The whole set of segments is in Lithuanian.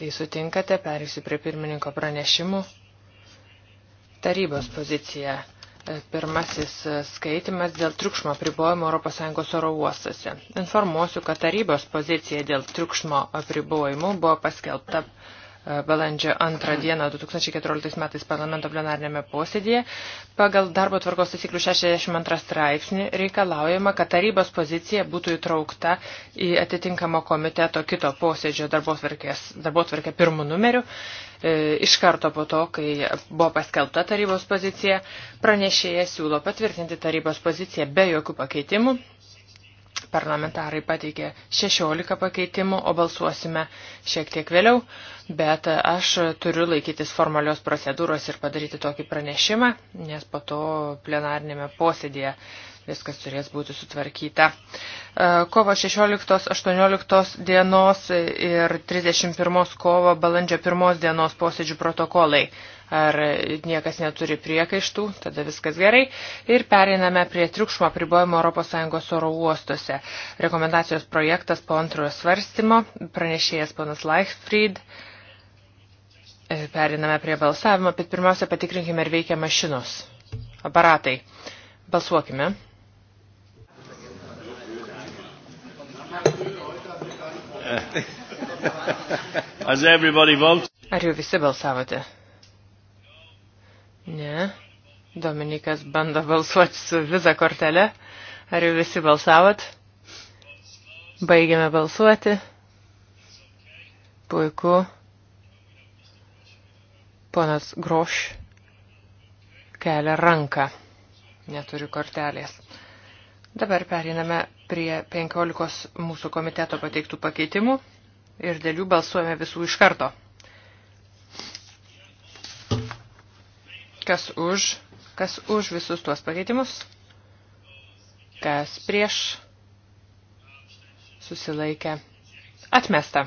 Jei sutinkate, perėsiu prie pirmininko pranešimų. Tarybos pozicija. E, pirmasis e, skaitimas dėl triukšmo apribojimo ES oro uostose. Informuosiu, kad tarybos pozicija dėl triukšmo apribojimų buvo paskelbta balandžio 2 dieną 2014 metais parlamento plenarnėme posėdėje, pagal darbo tvarkos taisyklių 62 straipsnį reikalaujama, kad tarybos pozicija būtų įtraukta į atitinkamo komiteto kito posėdžio darbo tvarkę pirmų numerių. E, iš karto po to, kai buvo paskelbta tarybos pozicija, pranešėja siūlo patvirtinti tarybos poziciją be jokių pakeitimų Parlamentarai pateikė 16 pakeitimų, o balsuosime šiek tiek vėliau bet aš turiu laikytis formalios procedūros ir padaryti tokį pranešimą, nes po to plenarnėme posėdėje viskas turės būti sutvarkyta. E, kovo 16, 18 dienos ir 31 kovo balandžio 1 dienos posėdžių protokolai. Ar niekas neturi priekaištų, tada viskas gerai. Ir pereiname prie triukšmo pribojimo ES oro uostuose. Rekomendacijos projektas po antrojo svarstymo, pranešėjas ponas Leichfried. E, periname prie balsavimo, bet pirmiausia patikrinkime, ar veikia mašinos, aparatai. Balsuokime. Ar jau visi balsavote? Ne. Dominikas bando balsuoti su viza kortele. Ar jau visi balsavot? Baigiame balsuoti. Puiku. Ponas Groš kelia ranką. Neturiu kortelės. Dabar periname prie 15 mūsų komiteto pateiktų pakeitimų ir dėl jų balsuojame visų iš karto. Kas už, kas už visus tuos pakeitimus? Kas prieš? Susilaikę. Atmesta.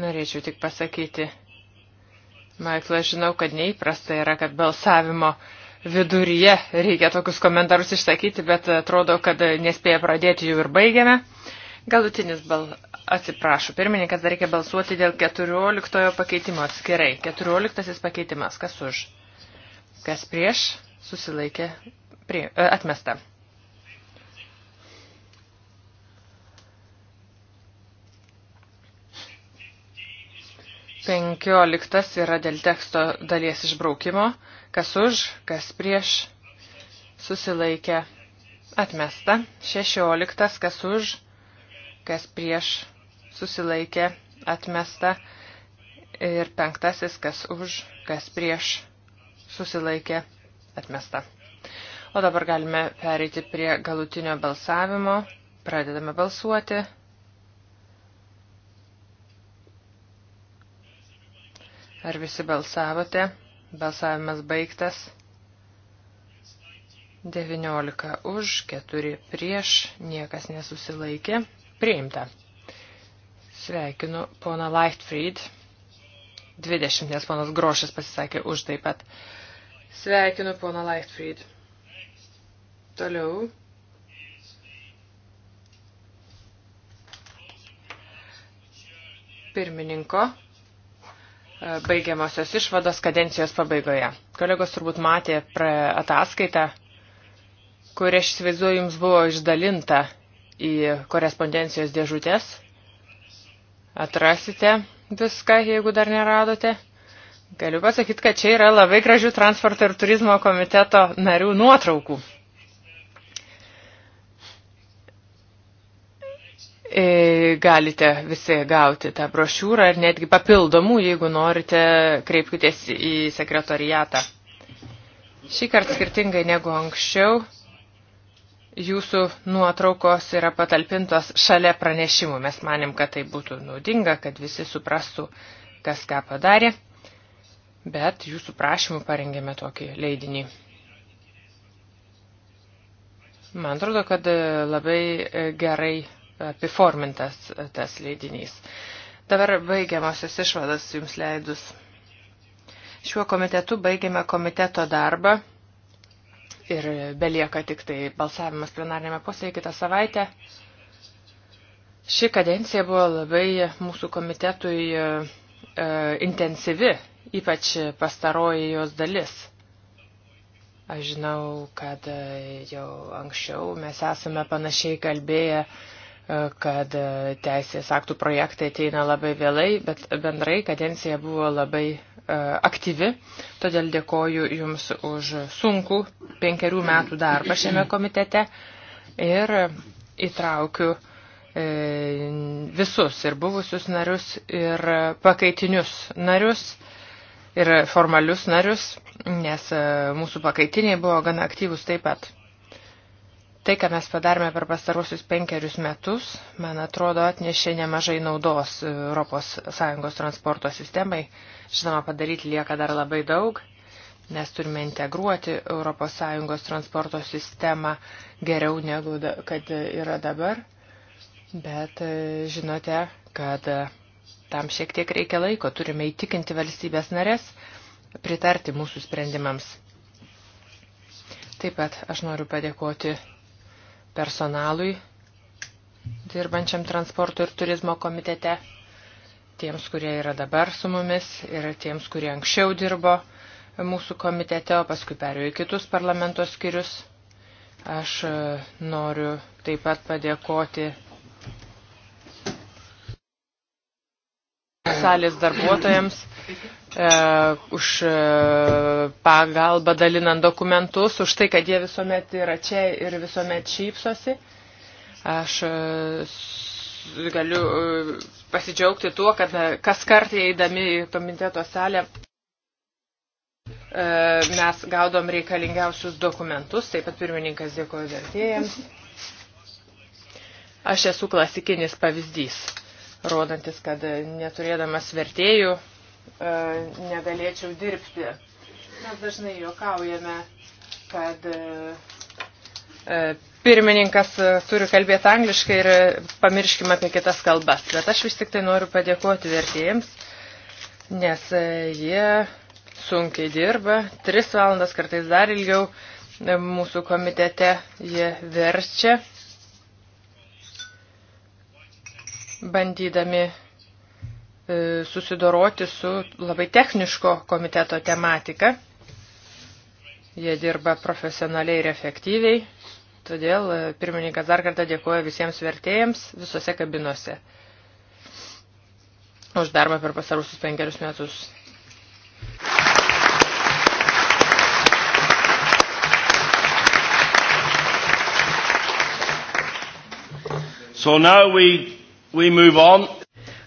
Norėčiau tik pasakyti, Maikla, žinau, kad neįprasta yra, kad balsavimo viduryje reikia tokius komentarus išsakyti, bet atrodo, kad nespėja pradėti jų ir baigiame. Galutinis bal... Atsiprašau, pirmininkas dar reikia balsuoti dėl 14 pakeitimo atskirai. 14 pakeitimas. Kas už? Kas prieš? Susilaikė. Prie... E, atmesta. Penkioliktas yra dėl teksto dalies išbraukimo. Kas už, kas prieš, susilaikė, atmesta. Šešioliktas, kas už, kas prieš, susilaikė, atmesta. Ir penktasis, kas už, kas prieš, susilaikė, atmesta. O dabar galime pereiti prie galutinio balsavimo. Pradedame balsuoti. Ar visi balsavote? Balsavimas baigtas. 19 už, 4 prieš, niekas nesusilaikė. Priimta. Sveikinu poną Leichtfried. 20, nes ponas Grošas pasisakė už taip pat. Sveikinu poną Leichtfried. Toliau. Pirmininko E, baigiamosios išvados kadencijos pabaigoje. Kolegos turbūt matė ataskaitą, kuri, aš įsivaizduoju, jums buvo išdalinta į korespondencijos dėžutės. Atrasite viską, jeigu dar neradote. Galiu pasakyti, kad čia yra labai gražių transporto ir turizmo komiteto narių nuotraukų. E, galite visi gauti tą brošiūrą ir netgi papildomų, jeigu norite, kreipkitės į sekretoriatą. Šį kartą skirtingai negu anksčiau, jūsų nuotraukos yra patalpintos šalia pranešimų. Mes manim, kad tai būtų naudinga, kad visi suprastų, kas ką padarė, bet jūsų prašymų parengėme tokį leidinį. Man atrodo, kad labai e, gerai apiformintas e, tas leidinys. Dabar baigiamosios išvadas jums leidus. Šiuo komitetu baigėme komiteto darbą ir belieka tik tai balsavimas plenarnėme posėje kitą savaitę. Ši kadencija buvo labai mūsų komitetui e, e intensyvi, ypač pastaroji jos dalis. Aš žinau, kad e, jau anksčiau mes esame panašiai kalbėję kad e, teisės aktų projektai ateina labai vėlai, bet bendrai kadencija buvo labai e, aktyvi, todėl dėkoju Jums už sunkų penkerių metų darbą šiame komitete ir įtraukiu e, visus ir buvusius narius ir pakaitinius narius ir formalius narius, nes mūsų pakaitiniai buvo gana aktyvus taip pat. Tai, ką mes padarėme per pastarosius penkerius metus, man atrodo, atnešė nemažai naudos ES transporto sistemai. Žinoma, padaryti lieka dar labai daug, nes turime integruoti ES transporto sistemą geriau negu kad yra dabar. Bet e, žinote, kad e, tam šiek tiek reikia laiko, turime įtikinti valstybės narės pritarti mūsų sprendimams. Taip pat aš noriu padėkoti personalui dirbančiam transporto ir turizmo komitete, tiems, kurie yra dabar su mumis ir tiems, kurie anksčiau dirbo mūsų komitete, o paskui perėjo į kitus parlamento skirius. Aš e, noriu taip pat padėkoti salės darbuotojams E, už e, pagalbą dalinant dokumentus, už tai, kad jie visuomet yra čia ir visuomet šypsosi. Aš e, galiu pasidžiaugti tuo, kad kas kartą įeidami į komiteto salę mes gaudom reikalingiausius dokumentus, taip pat pirmininkas dėkoju vertėjams. Aš esu klasikinis pavyzdys, rodantis, kad neturėdamas vertėjų E, negalėčiau dirbti. Mes dažnai juokaujame, kad e, e, pirmininkas turi kalbėti angliškai ir pamirškime apie kitas kalbas. Bet aš vis tik tai noriu padėkoti vertėjams, nes jie sunkiai dirba, tris valandas kartais dar ilgiau mūsų komitete jie verčia, bandydami E, susidoroti su labai techniško komiteto tematika. Jie dirba profesionaliai ir efektyviai, todėl e, pirmininkas dar kartą dėkoja visiems vertėjams visose kabinuose už darbą per pasarusius penkerius metus. So now we, we move on.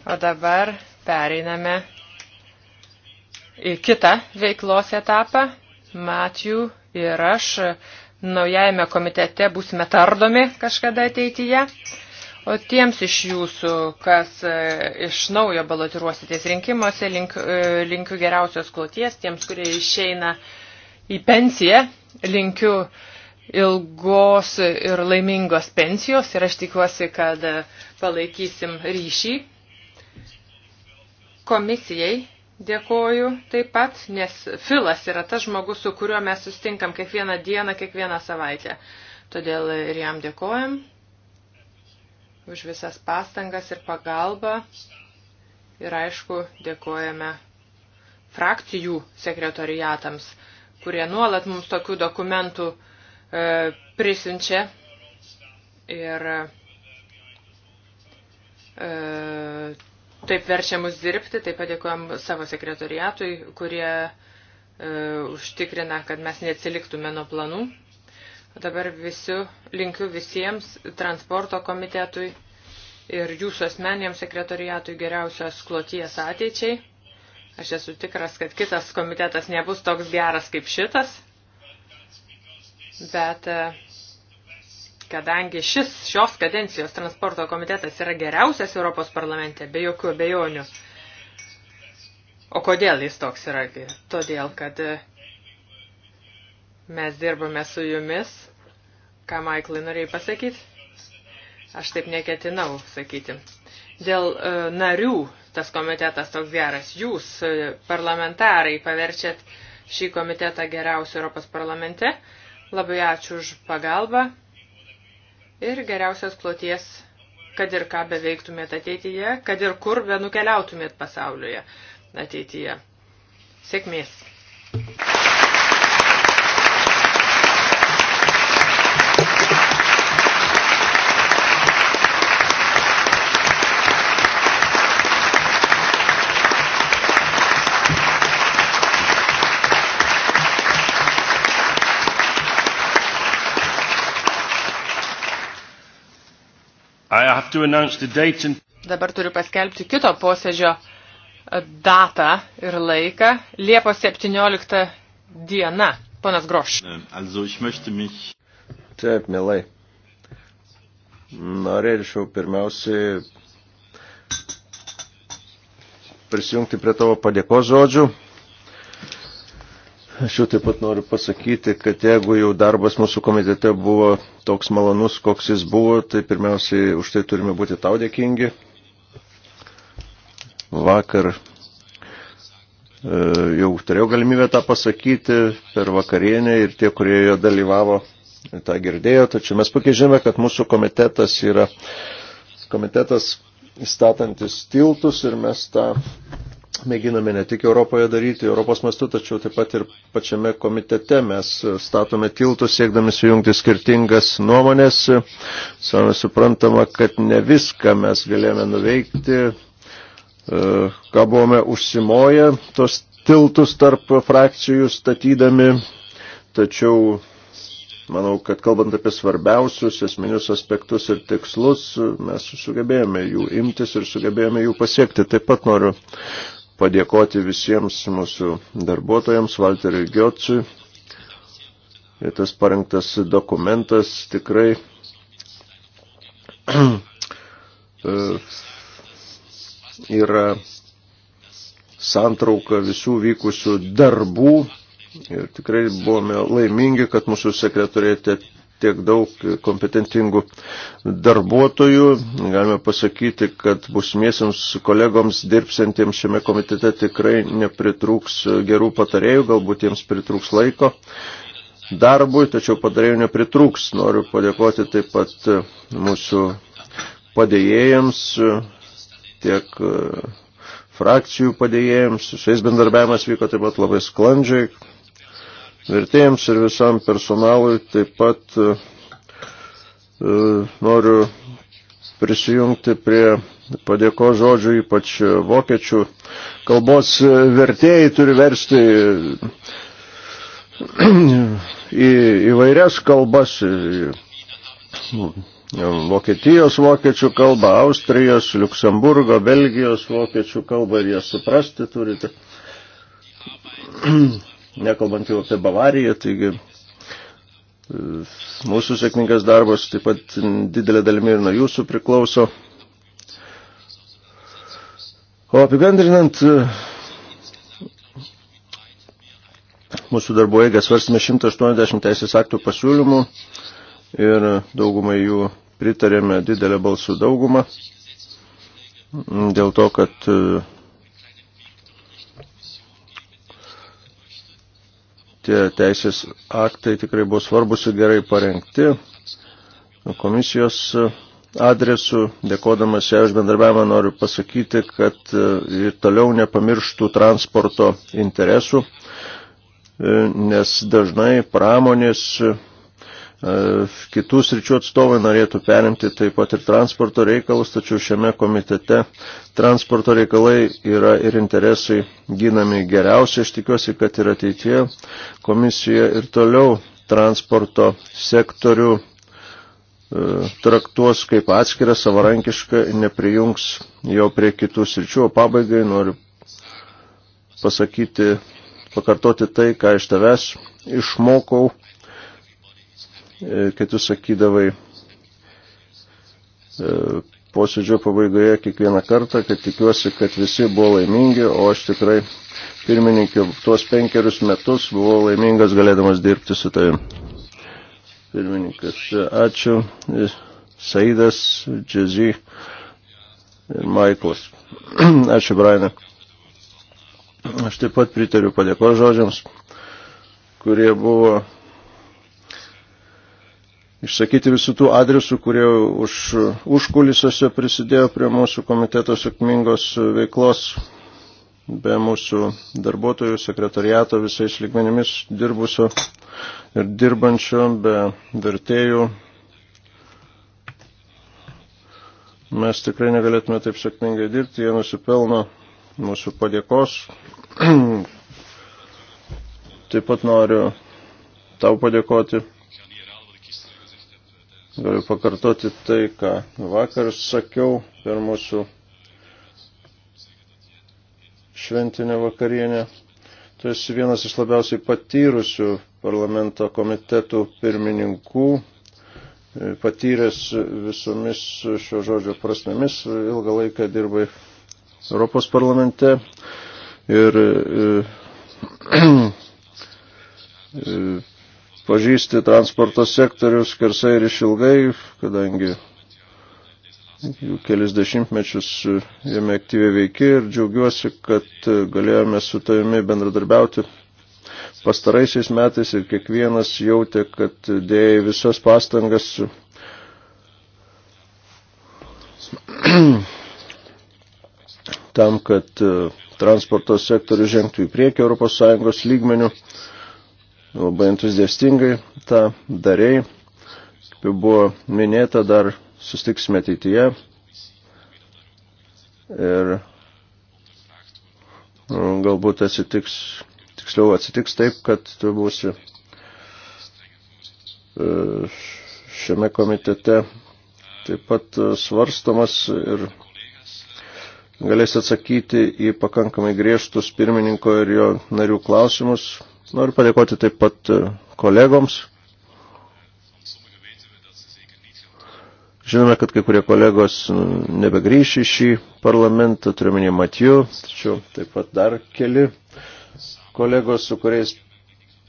O dabar pereiname į kitą veiklos etapą. Matijų ir aš naujajame komitete būsime tardomi kažkada ateityje. O tiems iš jūsų, kas e, iš naujo balotiruositės rinkimuose, link, e, linkiu geriausios kloties. Tiems, kurie išeina į pensiją, linkiu ilgos ir laimingos pensijos ir aš tikiuosi, kad palaikysim ryšį Komisijai dėkoju taip pat, nes Filas yra tas žmogus, su kuriuo mes sustinkam kiekvieną dieną, kiekvieną savaitę. Todėl ir jam dėkojam už visas pastangas ir pagalbą. Ir aišku, dėkojame frakcijų sekretoriatams, kurie nuolat mums tokių dokumentų e, prisinčia. Ir e, taip verčia mus dirbti, taip padėkojom savo sekretoriatui, kurie e, užtikrina, kad mes neatsiliktume nuo planų. Dabar visiu, linkiu visiems transporto komitetui ir jūsų asmeniam sekretoriatui geriausios kloties ateičiai. Aš esu tikras, kad kitas komitetas nebus toks geras kaip šitas, bet. E, kadangi šis šios kadencijos transporto komitetas yra geriausias Europos parlamente, be jokių abejonių. O kodėl jis toks yra? Todėl, kad e, mes dirbame su jumis. Ką, Maiklai, norėjai pasakyti? Aš taip neketinau sakyti. Dėl e, narių tas komitetas toks geras. Jūs, e, parlamentarai, paverčiat šį komitetą geriausiu Europos parlamente. Labai ačiū už pagalbą ir geriausios ploties, kad ir ką beveiktumėt ateityje, kad ir kur benukeliautumėt pasaulyje ateityje. Sėkmės! And... Dabar turiu paskelbti kito posėdžio datą ir laiką. Liepos 17 diena. Ponas Groš. Also, ich möchte mich... Taip, mielai. Norėčiau pirmiausiai prisijungti prie tavo padėkos žodžių. Aš jau taip pat noriu pasakyti, kad jeigu jau darbas mūsų komitete buvo toks malonus, koks jis buvo, tai pirmiausiai už tai turime būti tau dėkingi. Vakar e, jau turėjau galimybę tą pasakyti per vakarienę ir tie, kurie jo dalyvavo, tą girdėjo. Tačiau mes puikiai žinome, kad mūsų komitetas yra komitetas statantis tiltus ir mes tą mėginame ne tik Europoje daryti, Europos mastu, tačiau taip pat ir pačiame komitete mes statome tiltus, siekdami sujungti skirtingas nuomonės. Savame suprantama, kad ne viską mes galėjome nuveikti, e, ką buvome užsimoję, tos tiltus tarp frakcijų statydami, tačiau Manau, kad kalbant apie svarbiausius esminius aspektus ir tikslus, mes sugebėjome jų imtis ir sugebėjome jų pasiekti. Taip pat noriu padėkoti visiems mūsų darbuotojams, Valteriui Giocui. Ir tas parengtas dokumentas tikrai e, yra santrauka visų vykusių darbų ir tikrai buvome laimingi, kad mūsų sekretorėte tiek daug kompetentingų darbuotojų. Galime pasakyti, kad busimiesiams kolegoms dirbsantiems šiame komitete tikrai nepritrūks gerų patarėjų, galbūt jiems pritrūks laiko darbui, tačiau patarėjų nepritrūks. Noriu padėkoti taip pat mūsų padėjėjams tiek e, frakcijų padėjėjams, su šiais bendarbiavimas vyko taip pat labai sklandžiai, vertėjams ir visam personalui. Taip pat e, e noriu prisijungti prie padėko žodžių, ypač vokiečių kalbos vertėjai turi versti į įvairias kalbas. Vokietijos vokiečių kalbą, Austrijos, Luksemburgo, Belgijos vokiečių kalbą ir jie suprasti turite nekalbant jau apie Bavariją, taigi e, mūsų sėkmingas darbas taip pat didelė dalimi ir nuo jūsų priklauso. O apibendrinant e, mūsų darbo eigą svarstėme 180 teisės aktų pasiūlymų ir daugumai jų pritarėme didelę balsų daugumą dėl to, kad e, tie teisės aktai tikrai buvo svarbus ir gerai parengti. Komisijos adresu, dėkodamas ją už bendarbiavimą, noriu pasakyti, kad e, ir toliau nepamirštų transporto interesų, e, nes dažnai pramonės E, kitų sričių atstovai norėtų perimti taip pat ir transporto reikalus, tačiau šiame komitete transporto reikalai yra ir interesai ginami geriausiai. Aš tikiuosi, kad ir ateitie komisija ir toliau transporto sektorių e, traktuos kaip atskirą savarankišką, neprijungs jo prie kitų sričių. O pabaigai noriu pasakyti, pakartoti tai, ką iš tavęs išmokau E, kai tu sakydavai e, posėdžio pabaigoje kiekvieną kartą, kad tikiuosi, kad visi buvo laimingi, o aš tikrai pirmininkė tuos penkerius metus buvau laimingas galėdamas dirbti su tavim. Pirmininkas, ačiū. E, Saidas, Džezy ir Maiklas. ačiū, Brainė. Aš taip pat pritariu padėkos žodžiams, kurie buvo išsakyti visų tų adresų, kurie už, užkulisiuose prisidėjo prie mūsų komiteto sėkmingos veiklos. Be mūsų darbuotojų, sekretariato visais lygmenimis dirbusio ir dirbančio, be vertėjų. Mes tikrai negalėtume taip sėkmingai dirbti, jie nusipelno mūsų padėkos. taip pat noriu tau padėkoti Galiu pakartoti tai, ką vakar sakiau per mūsų šventinę vakarienę. Tu esi vienas iš labiausiai patyrusių parlamento komitetų pirmininkų, patyręs visomis šio žodžio prasmėmis, ilgą laiką dirbai Europos parlamente ir e, e, pažįsti transporto sektorius skersai ir išilgai, kadangi jau kelis dešimtmečius jame aktyviai veiki ir džiaugiuosi, kad galėjome su tavimi bendradarbiauti pastaraisiais metais ir kiekvienas jautė, kad dėjai visas pastangas tam, kad transporto sektorius žengtų į priekį ES lygmenių labai entuziastingai tą dariai. Kaip buvo minėta, dar sustiksime ateityje. Ir nu, galbūt atsitiks, tiksliau atsitiks taip, kad tu būsi e, šiame komitete taip pat e, svarstomas ir galės atsakyti į pakankamai griežtus pirmininko ir jo narių klausimus, Noriu padėkoti taip pat e, kolegoms. Žinome, kad kai kurie kolegos e, nebegrįš į šį parlamentą, turiuomenį Matiju, tačiau taip pat dar keli kolegos, su kuriais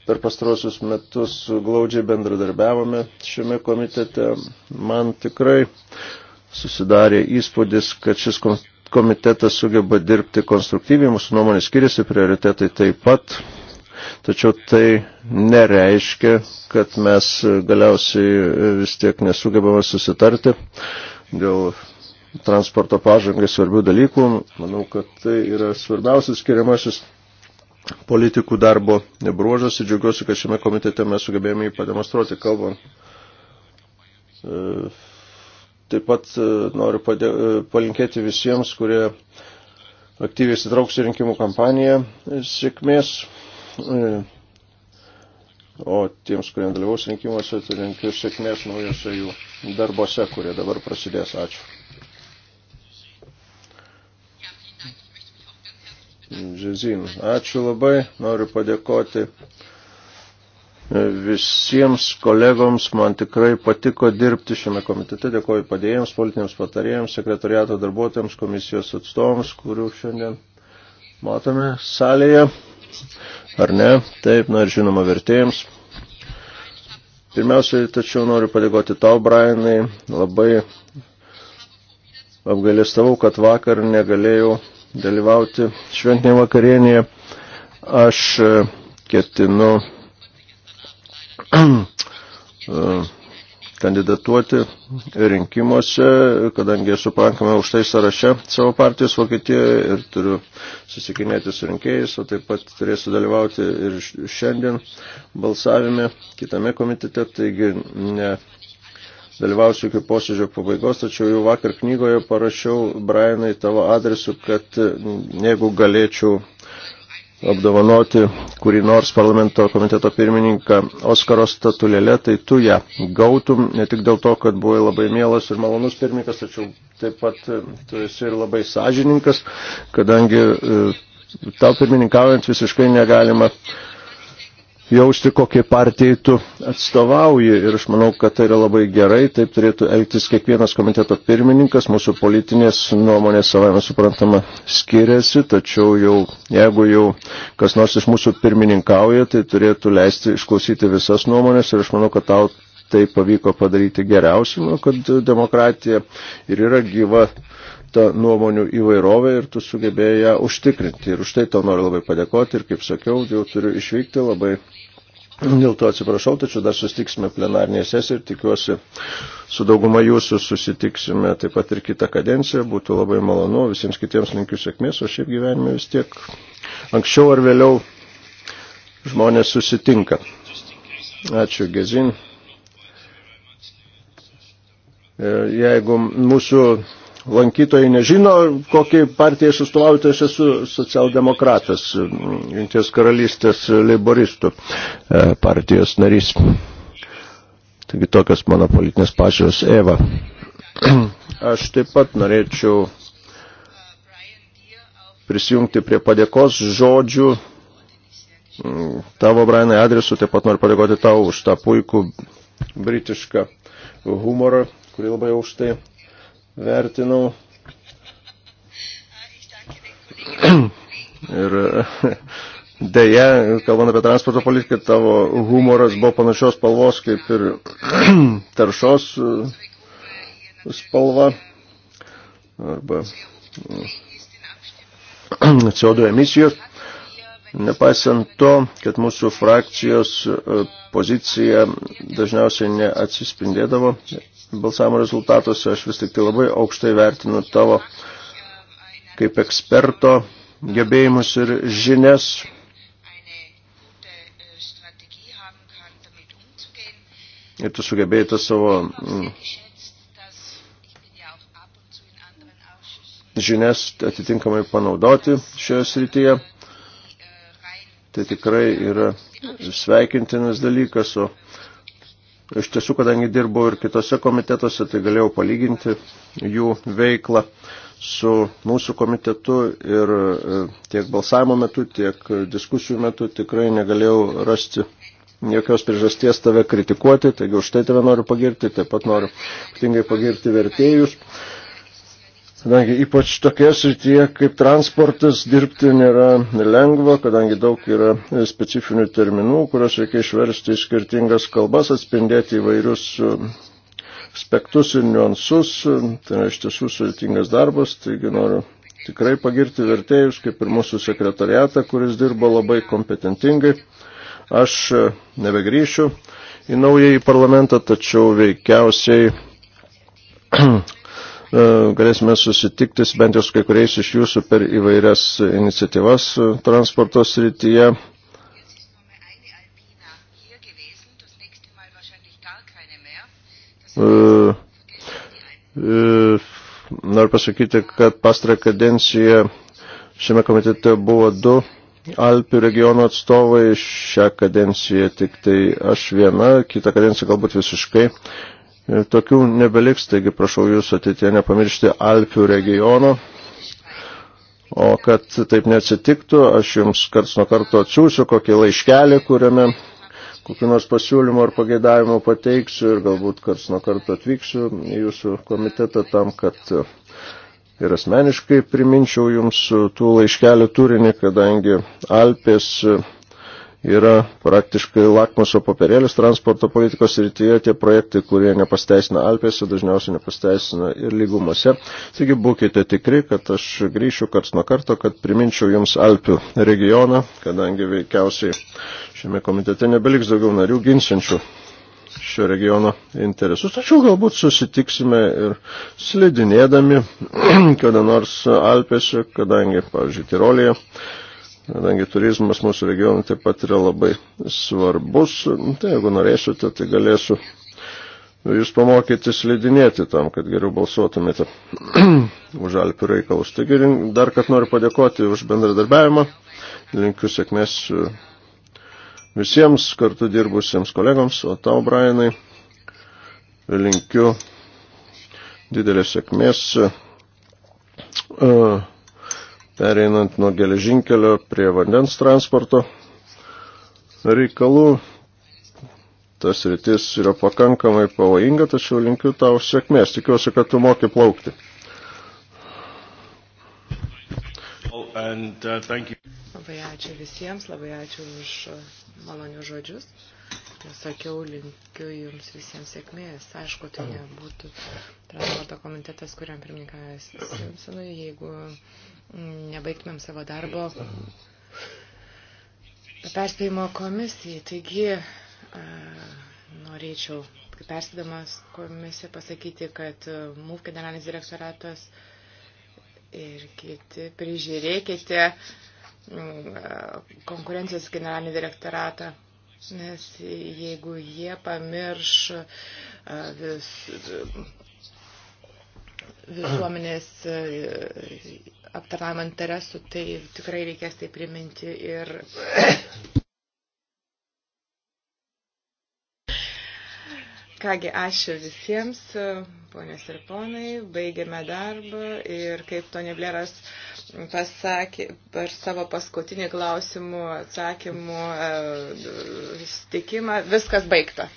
per pastrosius metus glaudžiai bendradarbiavome šiame komitete. Man tikrai susidarė įspūdis, kad šis komitetas sugeba dirbti konstruktyviai, mūsų nuomonės skiriasi, prioritetai taip pat Tačiau tai nereiškia, kad mes galiausiai e, vis tiek nesugebame susitarti dėl transporto pažangai svarbių dalykų. Manau, kad tai yra svarbiausias skiriamasis politikų darbo bruožas ir džiaugiuosi, kad šiame komitete mes sugebėjome jį pademonstruoti kalbant. E, taip pat e, noriu padė... palinkėti visiems, kurie aktyviai įsitrauks į rinkimų kampaniją. Sėkmės. E, o tiems, kurie dalyvaus rinkimuose, tai linkiu sėkmės naujose jų darbose, kurie dabar prasidės. Ačiū. Žezin, ačiū labai, noriu padėkoti visiems kolegoms, man tikrai patiko dirbti šiame komitete, dėkoju padėjėjams, politiniams patarėjams, sekretariato darbuotojams, komisijos atstovams, kurių šiandien matome salėje ar ne? Taip, na ir žinoma vertėjams. Pirmiausiai, tačiau noriu padėkoti tau, Brianai. Labai apgalėstavau, kad vakar negalėjau dalyvauti šventinėje vakarienėje. Aš e, ketinu e, kandidatuoti rinkimuose, kadangi esu pakankamai už tai sąraše savo partijos Vokietijoje ir turiu susikinėti su rinkėjais, o taip pat turėsiu dalyvauti ir šiandien balsavime kitame komitete, taigi ne dalyvausiu iki posėdžio pabaigos, tačiau jau vakar knygoje parašiau Brianai tavo adresu, kad jeigu galėčiau apdovanoti kurį nors parlamento komiteto pirmininką Oskaro statulėlę, tai tu ją gautum ne tik dėl to, kad buvai labai mielas ir malonus pirmininkas, tačiau taip pat e, tu esi ir labai sąžininkas, kadangi e, tau pirmininkaujant visiškai negalima uh, jausti, kokiai partijai tu atstovauji. Ir aš manau, kad tai yra labai gerai, taip turėtų elgtis kiekvienas komiteto pirmininkas, mūsų politinės nuomonės savame suprantama skiriasi, tačiau jau, jeigu jau kas nors iš mūsų pirmininkauja, tai turėtų leisti išklausyti visas nuomonės ir aš manau, kad tau tai pavyko padaryti geriausiai, manau, kad demokratija ir yra gyva ta nuomonių įvairovė ir tu sugebėjai ją užtikrinti. Ir už tai tau noriu labai padėkoti ir, kaip sakiau, jau turiu išvykti labai Dėl to atsiprašau, tačiau dar susitiksime plenarnėje sesijoje ir tikiuosi su dauguma jūsų susitiksime taip pat ir kitą kadenciją. Būtų labai malonu, visiems kitiems linkiu sėkmės, o šiaip gyvenime vis tiek anksčiau ar vėliau žmonės susitinka. Ačiū, Gezin. E, jeigu mūsų lankytojai nežino, kokį partiją aš atstovauju, tai aš esu socialdemokratas, Jungties karalystės leiboristų e, partijos narys. Taigi tokios mano politinės pažiūros. Eva, aš taip pat norėčiau prisijungti prie padėkos žodžių tavo, Brianai, adresu. Taip pat noriu padėkoti tau už tą puikų britišką humorą, kurį labai aukštai vertinau. ir dėja, kalbant apie transporto politiką, tavo humoras buvo panašios spalvos kaip ir taršos uh, spalva arba uh, CO2 emisijos. Nepaisant to, kad mūsų frakcijos uh, pozicija dažniausiai neatsispindėdavo balsavimo rezultatuose. Aš vis tik tai labai aukštai vertinu tavo kaip eksperto gebėjimus ir žinias. Ir tu sugebėjai tą savo mm, žinias atitinkamai panaudoti šioje srityje. Tai tikrai yra sveikintinas dalykas, o Iš tiesų, kadangi dirbau ir kitose komitetuose, tai galėjau palyginti jų veiklą su mūsų komitetu ir e, tiek balsavimo metu, tiek diskusijų metu tikrai negalėjau rasti jokios priežasties tave kritikuoti, taigi už tai tave noriu pagirti, taip pat noriu ypatingai pagirti vertėjus. Kadangi ypač tokie srityje kaip transportas dirbti nėra lengva, kadangi daug yra specifinių terminų, kuriuos reikia išversti į skirtingas kalbas, atspindėti įvairius e, aspektus ir niuansus. E, tai yra iš tiesų sudėtingas darbas, taigi noriu tikrai pagirti vertėjus, kaip ir mūsų sekretariatą, kuris dirbo labai kompetentingai. Aš e, nebegrįšiu į naująjį parlamentą, tačiau veikiausiai E, galėsime susitikti bent jau su kai kuriais iš jūsų per įvairias iniciatyvas e, transporto srityje. E, noriu pasakyti, kad pastarą kadenciją šiame komitete buvo du Alpių regiono atstovai, šią kadenciją tik tai aš viena, kitą kadenciją galbūt visiškai E, tokių nebeliks, taigi prašau jūs ateitie nepamiršti Alpių regiono. O kad taip neatsitiktų, aš jums karts nuo karto atsiųsiu kokį laiškelį, kuriame kokiu nors pasiūlymu ar pageidavimu pateiksiu ir galbūt karts nuo karto atvyksiu į jūsų komitetą tam, kad e, ir asmeniškai priminčiau jums tų laiškelių turinį, kadangi Alpės yra praktiškai lakmuso papirėlis transporto politikos rytyje, tie projektai, kurie nepasteisina Alpėse, dažniausiai nepasteisina ir lygumose. Taigi būkite tikri, kad aš grįšiu karts nuo karto, kad priminčiau Jums Alpių regioną, kadangi veikiausiai šiame komitete nebeliks daugiau narių ginsinčių šio regiono interesus. Tačiau galbūt susitiksime ir slidinėdami kada nors Alpėse, kadangi, pavyzdžiui, Tirolėje kadangi turizmas mūsų regionui taip pat yra labai svarbus. Tai jeigu norėsite, tai galėsiu jūs pamokyti slidinėti tam, kad geriau balsuotumėte už Alpių reikalus. Taigi dar kad noriu padėkoti už bendradarbiavimą. Linkiu sėkmės uh, visiems kartu dirbusiems kolegoms, o tau, Brianai, linkiu didelės sėkmės. Uh, pereinant nuo geležinkelio prie vandens transporto reikalų. Tas rytis yra pakankamai pavojinga, tačiau linkiu tau sėkmės. Tikiuosi, kad tu moki plaukti. Oh, uh, labai ačiū visiems, labai ačiū už malonių žodžius tai sakiau, linkiu jums visiems sėkmės. Aišku, tai nebūtų transporto komitetas, kuriam pirmininkas Simpsonui, jeigu nebaigtumėm savo darbo perspėjimo komisijai. Taigi, norėčiau, perspėdamas komisiją, pasakyti, kad MUF generalinis direktoratas ir kiti prižiūrėkite mm, konkurencijos generalinį direktoratą Nes jeigu jie pamirš vis, visuomenės aptarnavimo interesų, tai tikrai reikės tai priminti ir Kągi, ačiū visiems, ponios ir ponai, baigėme darbą ir kaip Tony Blairas pasakė per savo paskutinį klausimų atsakymų e, stikimą, viskas baigta.